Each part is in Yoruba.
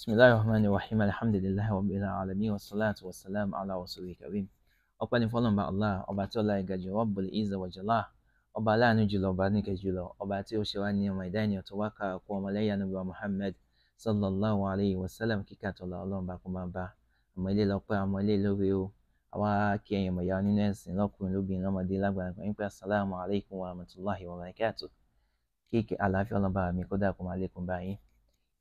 bismillahirrahmanirrahim alhamdulilayi wa bila alami wa salatu wa salam ala rasulil karim ọpẹ́ ni fọ́lọ́run bá allah ọba tí ọlá ìgajù rabbul izza wa jalla ọba aláàánú jùlọ ọba níkẹ jùlọ ọba tí ó ṣe wá ní ọmọ ìdá ènìyàn tó wá ká ọkọ ọmọlẹ́yìn anubuwa muhammad sallallahu alayhi wa sallam kíkà tọlọ Ọlọ́run bá kó máa bá àmọ́ ilé lọpẹ àmọ́ ilé lórí o àwa kí ẹ̀yin mọ̀ ya nínú ẹ̀sìn lọ́kùnrin lóbìnrin lọ́mọdé lágbàlagbà ń pẹ́ assalamu alaykum wa rahmatulahi wa barakatuh kíkì àlàáfíà ọlọ́ba mi kó dà kó máa lékún báyìí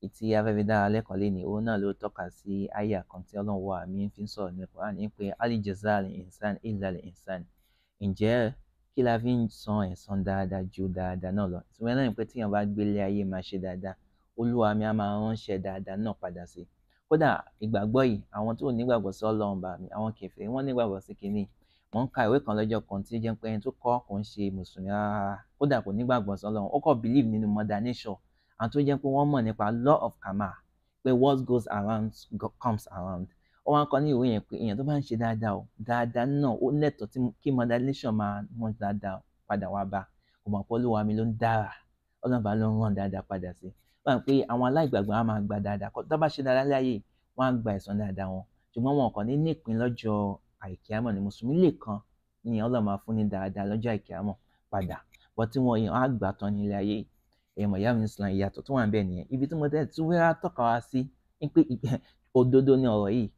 ìtí afẹ́fẹ́dára lẹ́kọ̀ọ́ lẹ́ni òun náà ló tọ́ka sí àyà kan tí ọlọ́run fi ń sọ̀rọ̀ ní Quran ní pé alijaza ali insan illa ali insan ǹjẹ́ kí la fi ń san ẹ̀san dáadáa ju dáadáa náà lọ ìtumọ̀ náà ni pé tíyàn bá gbélé ayé máa ṣe dáadáa olúwa mi á máa ránṣẹ́ dáadáa náà padà sí kódà ìgbàgbọ́ yìí àwọn tó nígbàgbọ́ sí ọlọ́run bá mi àwọn kẹfẹ́ wọ́n nígbàgbọ́ sí kínní wọ́n ń ka ìwé kan lọ́jọ́ kan tí ó jẹ́ pé ẹni tó kọ́ kò ń ṣe mùsùlùmí rárá kódà kò nígbàgbọ́ sí ọlọ́run ó kọ́ believe nínú mother And tó jẹ́ pé wọ́n mọ̀ nípa law of karma pé what goes around comes around ó wá ń kọ ní ìwé yẹn pé èèyàn tó bá ń ṣe dáadáa o dáadáa náà ó lẹ́tọ̀ọ́ kí modulation máa ràn dáadáa padà wá bá kò mọ̀ pé olúwa mi ló ń dára ọlọ́run bá ló ń ràn dáadáa padà sí wọ́n á pé àwọn aláìgbàgbọ́ á máa gba dáadáa tó bá ṣe dáadáa láyè wọ́n á gba ẹ̀san dáadáa wọn ṣùgbọ́n wọn kàn ní nípìn lọ́jọ́ àìkíámọ̀ ni mùsùlùmí lè kan ni ọlọ́run máa fún ní dáadáa lọ́jọ́ àìkíámọ̀ padà bọ́ tí wọ́n yàn á gbà tán nílé ayé yìí ẹ̀mọ̀ ìyá mi sùn ìyàtọ̀ tó wà ń bẹ̀ nìyẹn ibi tí mo tẹ́ tí wíwá tọ́ka wá sí ń pé òdodo ni ọ̀rọ̀ yìí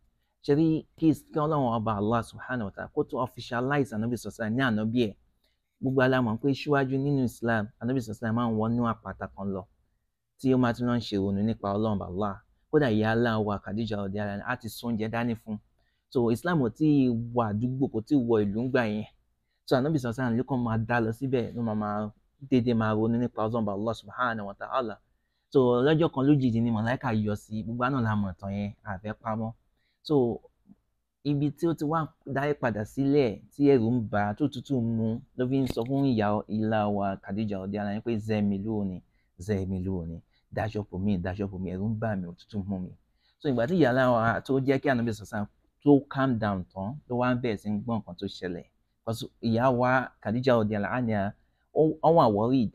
ṣe rí kí kí ọlọ́run ọba allah subhanahu wa ta'ala kó tó officialize anabi sọ̀sán ní ànábì ẹ̀ gbogbo alámọ̀ pé síwájú nínú islam anabi sọ̀sán máa ń wọnú àpáta kan lọ tí ó máa tún lọ ń ṣe ìrònú nípa ọlọ́run ọba allah kódà ìyá aláwa khadija ọ̀dẹ ara ni a ti sún oúnjẹ dání fún so islam ò tí ì wọ àdúgbò kò tí ì wọ ìlú ńgbà yẹn so anabi sọ̀sán ló kàn máa dá lọ síbẹ̀ ló máa máa dédé máa ronú nípa ọlọ́mọba Allah subhanahu wa ta'ala so lọ́jọ́ kan lójijì ni màláìka yọ sí gbogbo àná la mọ̀ tán yẹn àfẹ́ pamọ́ so ibi tí ó ti wá dáyé padà sílẹ̀ tí ẹ̀rù ń bà tó tútù mú ló fi ń sọ fún ìyá ìlà wa Khadija Ọ̀dẹ́ọlá pé zẹ́mi lóòní zẹ́mi lóòní dáṣọ́pù mi dáṣọ́pù mi ẹ̀rù ń bà mí òtútù mu mi so ìgbà tí ìyá láwa tó jẹ́ kí ànábì sọ̀sán tó calm down tán ló wá ń bẹ̀rẹ̀ sí ń gbọ́ nǹkan tó ṣẹlẹ̀ ìyá wa Khadija Ọ̀dẹ́ọlá àníyàn ó wà worried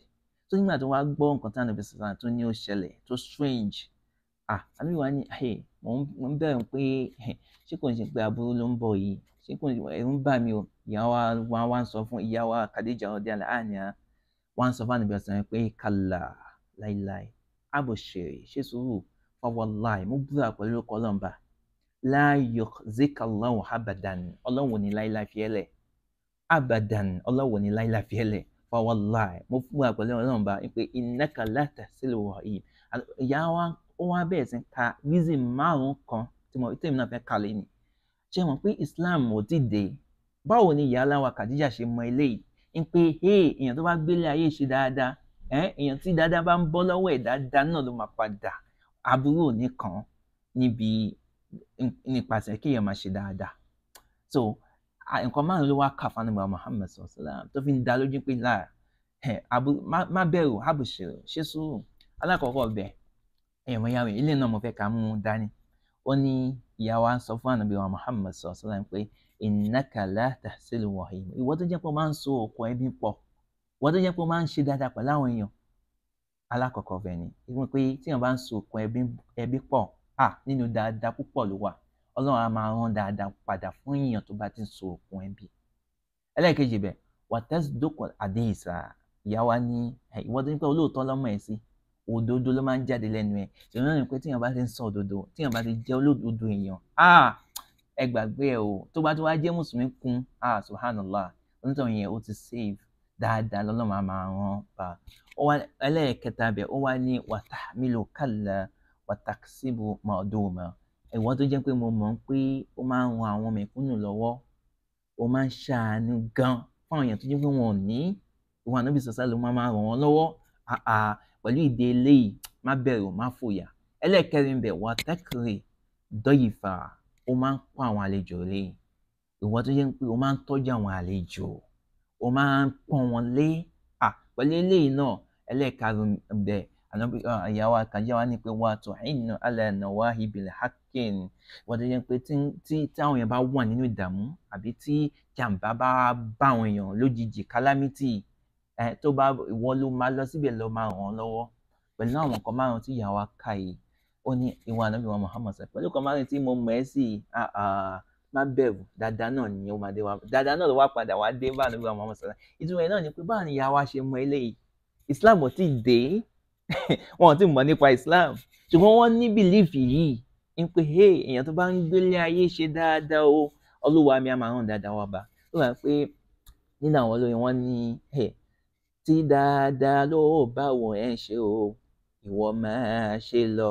tó nígbà tó wá gbọ́ nǹkan tí ànábì sàlá tó ní ó ṣẹlẹ̀ tó strange ah àbí wàá ní mò ń bẹ̀rù pé ṣé kò ń ṣe pé aburú ló ń bọ̀ yìí ṣé kò ń ṣe ẹ̀rù ń bà mí o ìyá wa wá wá ń sọ fún ìyá wa Khadija ọdẹ àlẹ àníyá wá ń sọ fún ànábì sàlá pé kàlà láìláì àbòṣèré ṣé sùúrù fọwọ́láì mo búra pẹ̀lú ọkọ ọlọ́mba láàyò zikallahu abadan ọlọ́wọ̀n ní láìláì fiẹ́lẹ̀ abadan ọlọ́wọ̀n ní láìláì fiẹ́lẹ̀ fa wallahi mo fún wa pẹ̀lú ọlọ́run bá pé innaka la tahsilu rahim ìyá wa ó wá bẹ̀rẹ̀ sí ka reason márùn kan tí mo tèmi náà fẹ́ kalẹ̀ ni ṣé mo pé Islam ò ti dé báwo ni ìyá aláwa Khadija ṣe mọ eléyìí ń pé èèyàn tó bá gbélé ayé ṣe dáadáa èèyàn tí dáadáa bá ń bọ́ lọ́wọ́ ẹ̀ dáadáa náà ló máa padà aburú òní kan níbi nípasẹ̀ kéèyàn máa ṣe dáadáa so nǹkan márùn ló wá kà fún anamọ Muhammad sallam tó fi ń dá lójú pé abu má bẹ̀rù àbùṣẹ̀rù ṣé sùúrù alákọ̀ọ́kọ́ bẹ̀ ẹ̀yàn mọ̀ yàrá ilé náà mo fẹ́ ká mú dání ó ní ìyá sọ fún anamọ Muhammad sallam pé innaka la tahsilu wahim ìwọ tó jẹ́ pé ó máa ń so okùn ẹbí pọ̀ ìwọ tó jẹ́ pé ó máa ń ṣe dáadáa pẹ̀lú àwọn èèyàn alákọ̀ọ́kọ́ bẹ̀ ni ìwọ̀n pé tíyàn bá ń so okùn ẹbí pọ̀ nínú dáadáa púpọ̀ ló wà ọlọ́run á máa rán dáadáa padà fún èèyàn tó bá ti so okùn ẹbí ẹlẹ́ẹ̀kejì bẹ̀ wàtẹ́sì dókòó àdé ìsà ìyá wa ní ìwọ́n tó ní pẹ́ olóòótọ́ lọ́mọ ẹ̀ sí òdodo ló máa ń jáde lẹ́nu ẹ̀ ṣèlú náà pé tíyàn bá ti ń sọ òdodo tíyàn bá ti jẹ́ olódodo èèyàn ẹ gbàgbé ẹ o tó bá tó wá jẹ́ mùsùlùmí kún subhanallah onítọ̀ yẹn ó ti save dáadáa lọ́lọ́mọ máa rán bá ẹlẹ́ẹ̀kẹta bẹ̀ ó wá ní wàtàmílò kàlà wàtàkìsíbù mọ̀ọ́dọ́mọ́ ẹ̀wọ́n tó jẹ́ pé mo mọ̀ pé ó máa ń ran àwọn mẹ̀kúnnù lọ́wọ́ ó máa ń ṣàánú gan fáwọn èèyàn tó jẹ́ pé wọn ò ní ìwà níbi sọ̀sá ló máa máa ràn wọ́n lọ́wọ́ pẹ̀lú ìdí eléyìí má bẹ̀rù má fòyà ẹlẹ́ẹ̀kẹrin bẹ̀ wá tẹ́kìrì dọ́yìfà ó máa ń kó àwọn àlejò lé ìwọ tó jẹ́ pé ó máa ń tọ́jú àwọn àlejò ó máa ń pọ́n wọn lé pẹ̀lú eléyìí náà ẹlẹ́ẹ̀karùn bẹ̀ ànábi ah, ìyàwó àkàyàwó ni pé wà tó ìnà alẹ́ ẹ̀nà hakin wọ́n ti yẹn pé tí táwọn èèyàn bá wà nínú ìdààmú àbí tí jàǹbá bá bá àwọn èèyàn lójijì kálámítì eh, tó bá ìwọ ló máa lọ síbẹ̀ lọ máa ràn án lọ́wọ́ pẹ̀lú àwọn nǹkan márùn-ún tí ìyàwó àkà yìí ó ní ìwà ànábi wa Muhammad sọ pẹ̀lú nǹkan márùn-ún tí mo mọ̀ ẹ́ sí ah, ah, má bẹ̀rù dáadáa náà ni ó máa dé wá dáadáa náà ló wá padà wá dé bá ànábi wa Muhammad sọ ìtumọ̀ ẹ̀ náà ni pé báwo ni ìyàwó ṣe mọ eléyìí Islam ò tí ì dé wọn ti mọ̀ nípa Islam ṣùgbọ́n wọ́n ní bìlífì yìí ń pé hey èèyàn tó bá ń gbélé ayé ṣe dáadáa o Olúwa mi á máa ràn dáadáa wá bá ló wà pé nínú àwọn olórin wọn ní tí dáadáa ló báwo ẹ ń ṣe o ìwọ máa ṣe lọ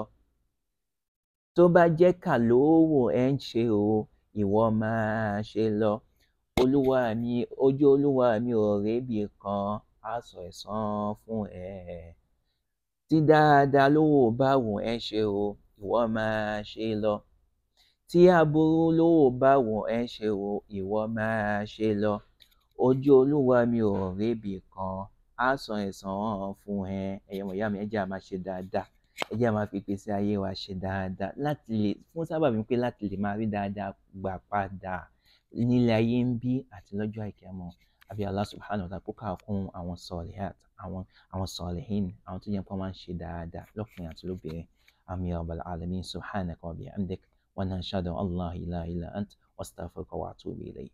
tó bá jẹ́ kà lówó ẹ ń ṣe o ìwọ máa ṣe lọ olúwa mi ojú olúwa mi ò rébi kan á sọ ẹ̀san fún ẹ. E tí dáadáa lówó bá wù ẹ́ ṣe o ìwọ máa ṣe lọ tí aburú lówó bá wù ẹ́ ṣe o ìwọ máa ṣe lọ ojú olúwa mi ò rébi kan á san ẹ̀san fún ẹ ẹ̀yọ́ ìyá mi ẹ jẹ́ á máa ṣe dáadáa ẹ jẹ́ á máa fi ìpèsè ayé wa ṣe dáadáa láti lè fún sábàbí pé láti lè máa rí dáadáa gbà padà nílé ayé ń bí àti lọ́jọ́ àìkẹ́mọ́ àbí subhanahu wa ta'ala kó kà kún àwọn sọ̀rẹ́ àti àwọn àwọn salihin àwọn tó yẹ kó máa ń ṣe dáadáa lọ́kùnrin àti lóbìnrin àmì rabbal alamin subhanaka wa bihamdik wa nashhadu an la ilaha illa ant wastaghfiruka wa atubu ilayk.